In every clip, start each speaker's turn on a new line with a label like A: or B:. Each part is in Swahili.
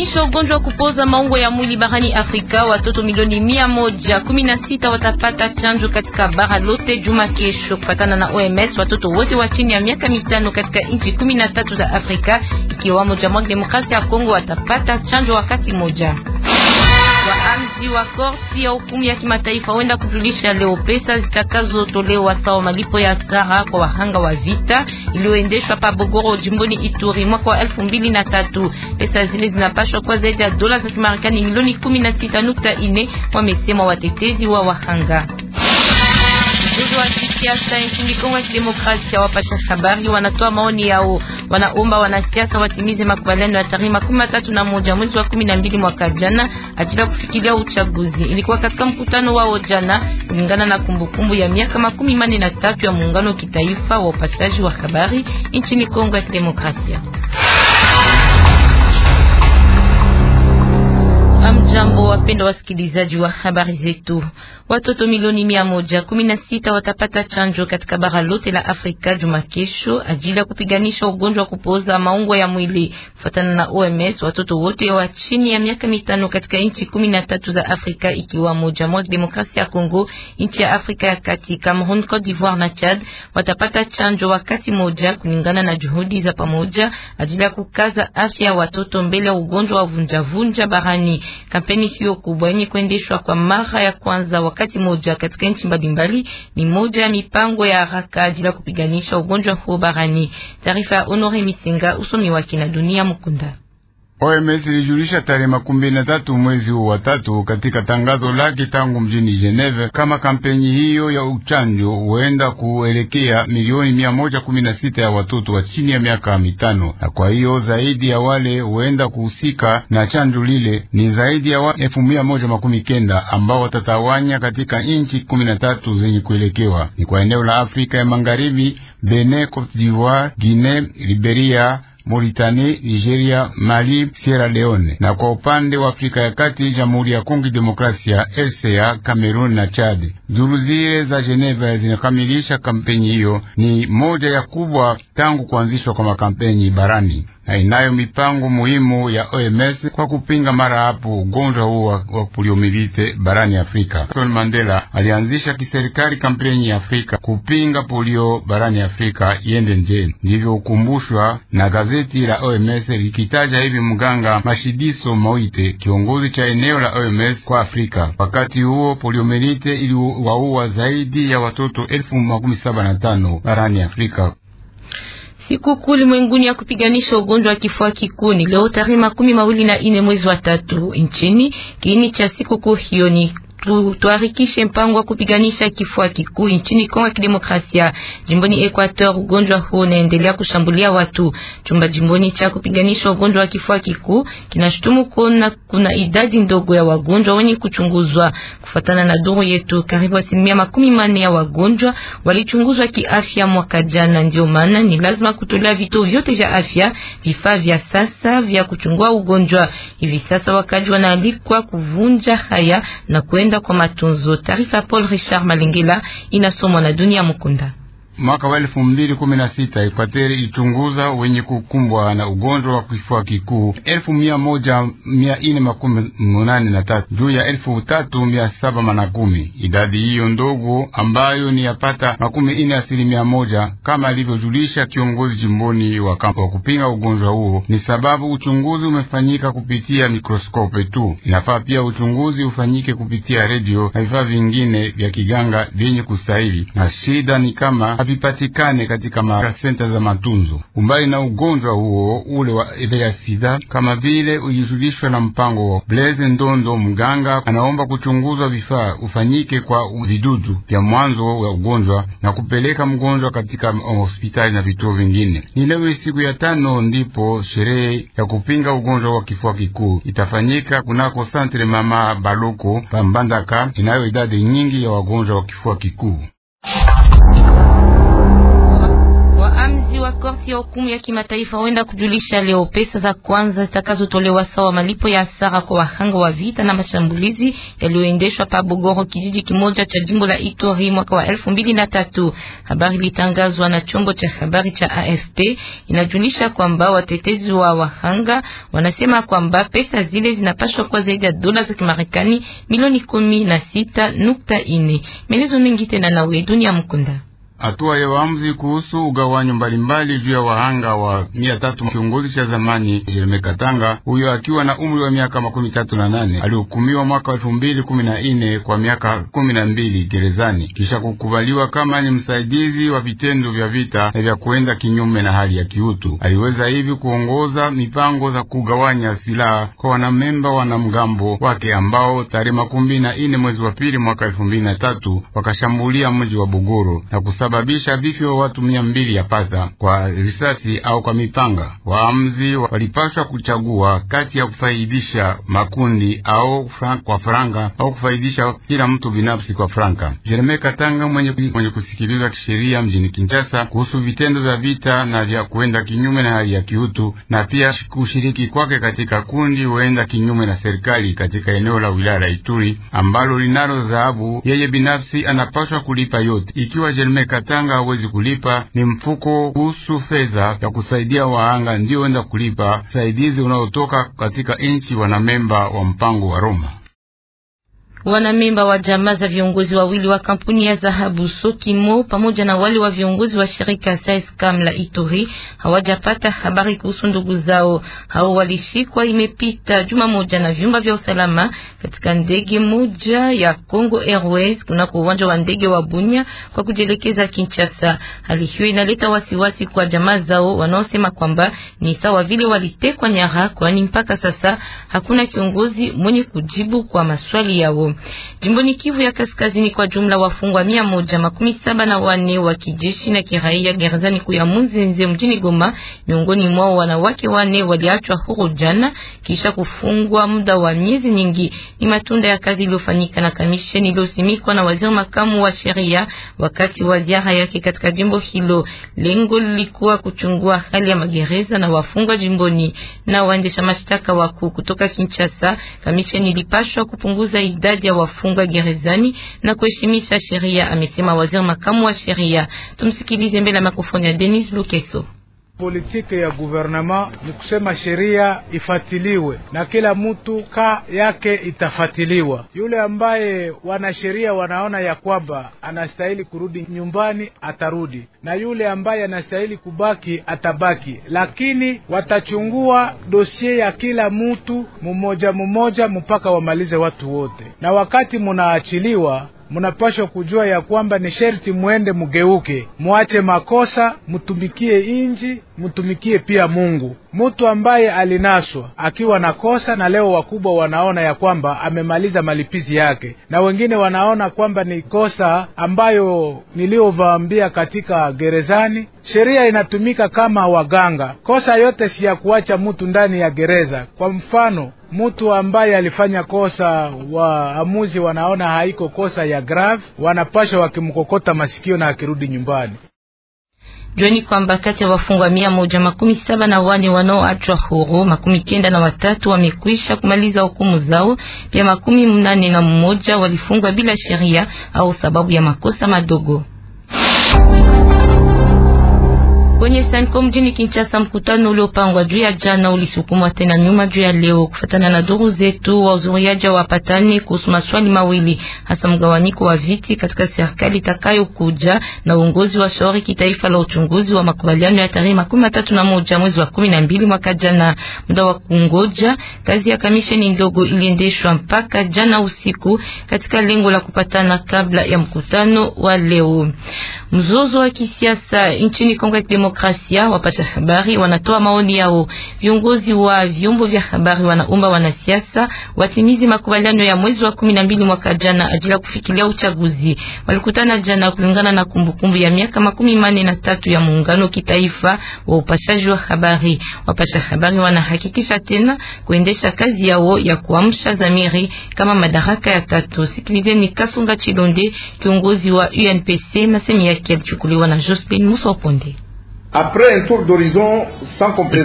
A: kuhamisha ugonjwa wa kupoza maungo ya mwili barani Afrika, watoto milioni mia moja kumi na sita watapata chanjo katika bara lote juma kesho, kufatana na OMS. Watoto wote wa chini ya miaka mitano katika nchi kumi na tatu za Afrika ikiwamo Jamhuri ya Demokrasia ya Kongo watapata chanjo wakati moja waamzi wa korti ya hukumu ya kimataifa wenda kujulisha leo pesa zitakazotolewa sawa malipo ya kara kwa wahanga wa vita iliyoendeshwa pa Bogoro jimboni Ituri mwaka wa elfu mbili na tatu. Pesa zile zinapashwa kwa zaidi ya dola za Kimarekani milioni kumi na sita nukta ine wamesema watetezi wa wahanga viongozi wa kisiasa nchini Kongo ya Kidemokrasia wapata habari wanatoa maoni yao, wanaomba wanasiasa watimize makubaliano ya tarehe makumi matatu na moja mwezi wa kumi na mbili mwaka jana ajili ya kufikiria uchaguzi. Ilikuwa katika mkutano wao jana, kulingana na kumbukumbu ya miaka makumi manne na tatu ya muungano kitaifa wa upashaji wa habari nchini Kongo ya Kidemokrasia. Jambo wapenda wasikilizaji wa habari zetu. Watoto milioni mia moja kumi na sita watapata chanjo katika bara lote la Afrika juma kesho ajili ya kupiganisha ugonjwa wa kupooza maungo ya mwili. Kufuatana na OMS, watoto wote wa chini ya miaka mitano katika nchi kumi na tatu za Afrika ikiwa moja mwa demokrasia ya Kongo, nchi ya Afrika ya Kati, Cameroon, Cote d'Ivoire na Chad watapata chanjo wakati moja kulingana na juhudi za pamoja ajili ya kukaza afya ya watoto mbele ya ugonjwa wa vunjavunja barani. Kampeni hiyo kubwa yenye kuendeshwa kwa mara ya kwanza wakati moja katika nchi mbalimbali ni moja ya mipango ya haraka ajili ya kupiganisha ugonjwa huo barani. Taarifa ya Honore Misenga, usomi wake na Dunia Mukunda.
B: OMS ilijulisha tarehe makumi na tatu mwezi wa tatu katika tangazo lake tangu mjini Geneve kama kampeni hiyo ya uchanjo huenda kuelekea milioni mia moja kumi na sita ya watoto wa chini ya miaka mitano, na kwa hiyo zaidi ya wale huenda kuhusika na chanjo lile ni zaidi ya elfu mia moja makumi kenda ambao watatawanya katika inchi kumi na tatu zenye kuelekewa ni kwa eneo la Afrika ya Magharibi, Benin, Cote d'Ivoire, Guinea, Liberia Mauritanie, Nigeria, Mali, Sierra Leone, na kwa upande wa Afrika ya Kati, Jamhuri ya Kongo Demokrasia, RCA, cameroon na Chad. Duru zile za Geneva zinakamilisha kampeni hiyo, ni moja ya kubwa tangu kuanzishwa kwa makampeni barani, na inayo mipango muhimu ya OMS kwa kupinga mara hapo ugonjwa huo wa poliomilite barani Afrika. Nelson Mandela alianzisha kiserikali kampeni ya Afrika kupinga polio barani Afrika iende nje, ndivyo ukumbushwa na gazeti la OMS likitaja hivi mganga Mashidiso Moite, kiongozi cha eneo la OMS kwa Afrika. Wakati huo poliomilite ili waua zaidi ya watoto elfu makumi saba na tano barani Afrika.
A: Sikukuu ulimwenguni ya kupiganisha ugonjwa wa kifua kikuu ni leo tarehe makumi mawili na nne mwezi wa tatu nchini. Kiini cha sikukuu hiyo ni tuharikishe mpango wa kupiganisha kifua kikuu nchini Kongo ya Kidemokrasia. Jimboni Equator, ugonjwa huo unaendelea kushambulia watu. Chumba jimboni cha kupiganisha ugonjwa wa kifua kikuu kinashutumu kuona kuna idadi ndogo ya wagonjwa wenye kuchunguzwa. Kufatana na duru yetu, karibu asilimia makumi manne ya wagonjwa walichunguzwa kiafya mwaka jana. Ndio maana ni lazima kutolea vituo vyote vya afya vifaa vya sasa vya kuchungua ugonjwa. Hivi sasa wakaji wanaalikwa kuvunja haya na kwenda kwenda kwa matunzo. Taarifa ya Paul Richard Malengela inasomwa na Dunia Mukunda
B: mwaka wa elfu mbili kumi na sita Ekwateri ilichunguza wenye kukumbwa na ugonjwa wa kifua kikuu elfu mia moja mia ine makumi munane na tatu juu ya elfu tatu mia saba na kumi. Idadi hiyo ndogo ambayo ni yapata makumi nne asilimia moja kama alivyojulisha kiongozi jimboni wa kampo wa kupinga ugonjwa huo, ni sababu uchunguzi umefanyika kupitia mikroskope tu. Inafaa pia uchunguzi ufanyike kupitia redio na vifaa vingine vya kiganga vyenye kustahili, na shida ni kama havipatikane katika makasenta za matunzo. Umbali na ugonjwa huo ule wa ya sida, kama vile ulijulishwa na mpango wa Blaise Ndondo, mganga anaomba kuchunguzwa vifaa ufanyike kwa vidudu vya mwanzo wa ugonjwa na kupeleka mgonjwa katika hospitali na vituo vingine. Ni leo siku ya tano ndipo sherehe ya kupinga ugonjwa wa kifua kikuu itafanyika kunako Santre Mama Baluko Pambandaka, inayo idadi nyingi ya wagonjwa wa kifua kikuu
A: ya hukumu ya kimataifa huenda kujulisha leo pesa za kwanza zitakazotolewa sawa malipo ya hasara kwa wahanga wa vita na mashambulizi yaliyoendeshwa pa Bogoro, kijiji kimoja cha jimbo la Ituri mwaka wa elfu mbili na tatu. Habari litangazwa na chombo cha habari cha AFP inajulisha kwamba watetezi wa wahanga wanasema kwamba pesa zile zinapaswa kwa zaidi ya dola za Kimarekani milioni kumi na sita nukta ine. Melezo mengi tena nawe Dunia Mkunda
B: hatua ya waamuzi kuhusu ugawanyo mbalimbali juu ya wahanga wa mia tatu. Kiongozi cha zamani Jereme Katanga, huyo akiwa na umri wa miaka makumi tatu na nane alihukumiwa mwaka elfu mbili kumi na nne kwa miaka kumi na mbili gerezani kisha kukubaliwa kama ni msaidizi wa vitendo vya vita na vya kuenda kinyume na hali ya kiutu. Aliweza hivi kuongoza mipango za kugawanya silaha kwa wanamemba wanamgambo wake ambao tarehe makumi na nne mwezi wa pili mwaka elfu mbili na tatu wakashambulia mji wa Bogoro na kusababisha vifo watu mia mbili ya pata kwa risasi au kwa mipanga. Waamuzi walipaswa kuchagua kati ya kufaidisha makundi au kwa franga au kufaidisha kila mtu binafsi kwa franka. Jeremie Katanga mwenye, mwenye kusikiliza kisheria mjini Kinshasa kuhusu vitendo vya vita na vya kuenda kinyume na hali ya kiutu na pia kushiriki kwake katika kundi huenda kinyume na serikali katika eneo la wilaya la Ituri ambalo linalo dhahabu, yeye binafsi anapaswa kulipa yote ikiwa Jeremie Katanga hawezi kulipa ni mfuko kuhusu fedha ya kusaidia ndio wenda kulipa saidizi unaotoka katika nchi wanamemba wa mpango wa Roma.
A: Wanamemba wa jamaa za viongozi wawili wa kampuni ya dhahabu Sokimo pamoja na wale wa viongozi wa shirika Saiscam la Ituri hawajapata habari kuhusu ndugu zao hao. Walishikwa imepita juma moja na vyumba vya usalama katika ndege moja ya Congo Airways kuna uwanja wa ndege wa Bunya kwa kujielekeza Kinshasa. Hali hiyo inaleta wasiwasi kwa jamaa zao wanaosema kwamba ni sawa vile walitekwa nyara, kwani mpaka sasa hakuna kiongozi mwenye kujibu kwa maswali yao. Jimboni Kivu ya Kaskazini, kwa jumla wafungwa mia moja makumi saba na wane wa kijeshi na kiraia gerezani kuu ya Munzenze mjini Goma. Miongoni mwao wanawake wane waliachwa huru jana kisha kufungwa muda wa miezi nyingi. Ni matunda ya kazi iliyofanyika na kamisheni iliyosimikwa na waziri makamu wa sheria wakati wa ziara yake katika jimbo hilo. Lengo lilikuwa kuchungua hali ya magereza na wafungwa jimboni na waendesha mashtaka wakuu kutoka Kinshasa. Kamisheni ilipashwa kupunguza idadi idadi ya wafungwa gerezani na kuheshimisha sheria, amesema waziri makamu wa sheria. Tumsikilize mbele ya makofoni ya Denis Lukeso
C: politike ya guvernema ni kusema sheria ifatiliwe na kila mtu ka yake itafatiliwa. Yule ambaye wanasheria wanaona ya kwamba anastahili kurudi nyumbani atarudi, na yule ambaye anastahili kubaki atabaki, lakini watachungua dosie ya kila mtu mmoja mmoja mpaka wamalize watu wote, na wakati munaachiliwa munapashwa kujua ya kwamba ni sherti mwende mugeuke, mwache makosa, mutumikie inji, mutumikie pia Mungu. Mtu ambaye alinaswa akiwa na kosa, na leo wakubwa wanaona ya kwamba amemaliza malipizi yake, na wengine wanaona kwamba ni kosa ambayo niliyovaambia katika gerezani. Sheria inatumika kama waganga, kosa yote si ya kuacha mtu ndani ya gereza. Kwa mfano mtu ambaye alifanya kosa, waamuzi wanaona haiko kosa ya grave, wanapasha wakimkokota masikio na akirudi nyumbani.
A: Jueni kwamba kati ya wafungwa mia moja makumi saba na wane wanaoachwa huru makumi kenda na watatu wamekwisha kumaliza hukumu zao. Pia makumi mnane na mmoja walifungwa bila sheria au sababu ya makosa madogo. Kwenye Senko mjini Kinshasa, mkutano uliopangwa juu ya jana ulisukumwa tena nyuma juu ya leo. Kufatana na duru zetu, wazuriaji wapatane kuhusu maswali mawili, hasa mgawanyiko wa viti katika serikali itakayokuja na uongozi wa shauri kitaifa la uchunguzi wa makubaliano ya tarehe makumi matatu na moja mwezi wa kumi na mbili mwaka jana. Muda wa kungoja kazi ya kamisheni ndogo iliendeshwa mpaka jana usiku katika lengo la kupatana kabla ya mkutano wa leo. Mzozo wa kisiasa nchini Kongo ya Demokrasia, wapasha habari wanatoa maoni yao. Viongozi wa vyombo vya habari wanaomba wanasiasa watimizi makubaliano ya mwezi wa kumi na mbili mwaka jana ajili ya kufikilia uchaguzi. Walikutana jana kulingana na kumbukumbu kumbu ya miaka makumi manne na tatu ya muungano kitaifa wa upashaji wa habari. Wapasha habari wanahakikisha tena kuendesha kazi yao ya kuamsha zamiri kama madaraka ya tatu. Sikilizeni Kasunga Chilonde, kiongozi wa UNPC na semi yake alichukuliwa na Jospin Musoponde.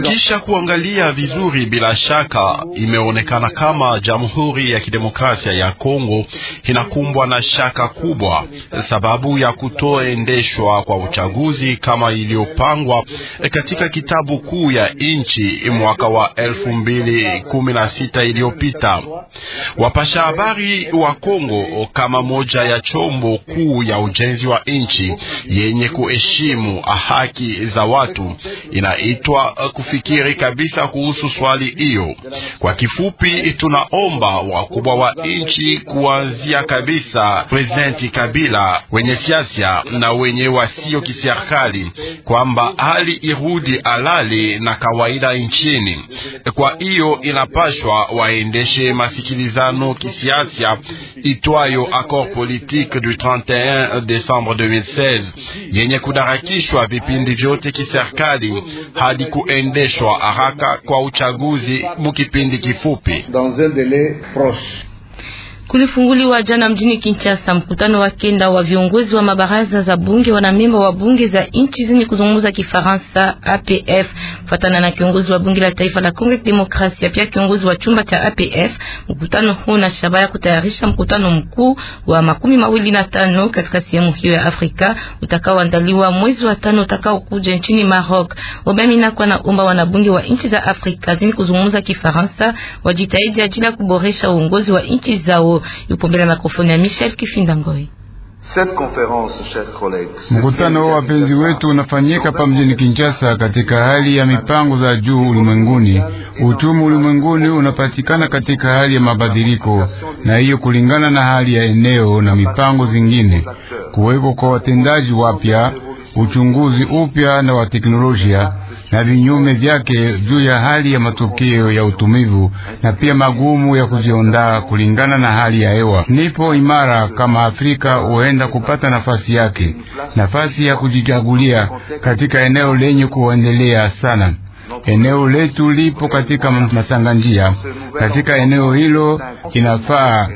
D: Kisha kuangalia vizuri, bila shaka imeonekana kama Jamhuri ya Kidemokrasia ya Kongo inakumbwa na shaka kubwa, sababu ya kutoendeshwa kwa uchaguzi kama iliyopangwa katika kitabu kuu ya nchi mwaka wa elfu mbili kumi na sita iliyopita. Wapasha habari wa Kongo kama moja ya chombo kuu ya ujenzi wa nchi yenye kuheshimu haki za watu. Inaitwa uh, kufikiri kabisa kuhusu swali hiyo. Kwa kifupi, tunaomba wakubwa wa nchi kuanzia kabisa Presidenti Kabila, wenye siasa na wenye wasio kiserikali, kwamba hali irudi alali na kawaida nchini. Kwa hiyo inapashwa waendeshe masikilizano kisiasa itwayo Accord Politique du 31 Decembre 2016 yenye kudarakishwa vipindi vyote yote kiserikali hadi kuendeshwa haraka kwa uchaguzi mukipindi kifupi
A: kulifunguliwa jana mjini Kinshasa mkutano wa kenda wa viongozi wa mabaraza za bunge wana wanamemba wa bunge za nchi zenye kuzungumza Kifaransa APF fatana na kiongozi wa bunge la taifa la Kongo Demokrasia, pia kiongozi wa chumba cha APF. Mkutano huu na shabaha ya kutayarisha mkutano mkuu wa makumi mawili na tano katika sehemu hiyo ya Afrika utakaoandaliwa mwezi wa tano utakaokuja nchini Maroc. Obamina kwa naomba wanabunge wa nchi za Afrika zenye kuzungumza Kifaransa wajitahidi ajili ya kuboresha uongozi wa nchi zao yupo mbele ya mikrofoni ya Michel
B: Mkutano wa wapenzi wetu unafanyika pa mjini Kinshasa katika hali ya mipango za juu ulimwenguni. Uchumi ulimwenguni unapatikana katika hali ya mabadiliko, na hiyo kulingana na hali ya eneo na mipango zingine, kuweko kwa watendaji wapya, uchunguzi upya na wa teknolojia na vinyume vyake juu ya hali ya matokeo ya utumivu na pia magumu ya kujiondaa kulingana na hali ya hewa. Nipo imara kama Afrika huenda kupata nafasi yake, nafasi ya kujichagulia katika eneo lenye kuendelea sana. Eneo letu lipo katika masanganjia. Katika eneo hilo inafaa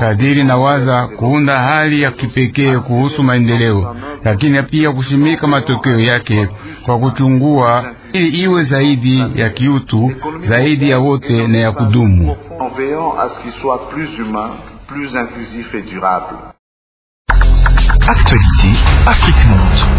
B: kadiri na waza kuunda hali ya kipekee kuhusu maendeleo, lakini pia kushimika matokeo yake kwa kuchungua, ili iwe zaidi ya kiutu, zaidi ya wote na ya kudumu.
D: Actualité
A: Afrique Monde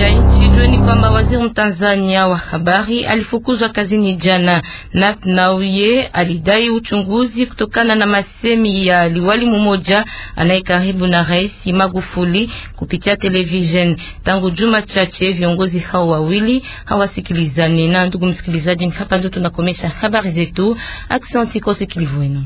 A: ya nchi, jueni kwamba waziri Mtanzania wa habari alifukuzwa kazini jana. Nat Nauye alidai uchunguzi kutokana na masemi ya liwali mmoja anaye karibu na Rais Magufuli kupitia television. Tangu juma chache viongozi hao wawili hawasikilizani. Na ndugu msikilizaji, hapa ndo tunakomesha habari zetu. Aksanti kwa wenu.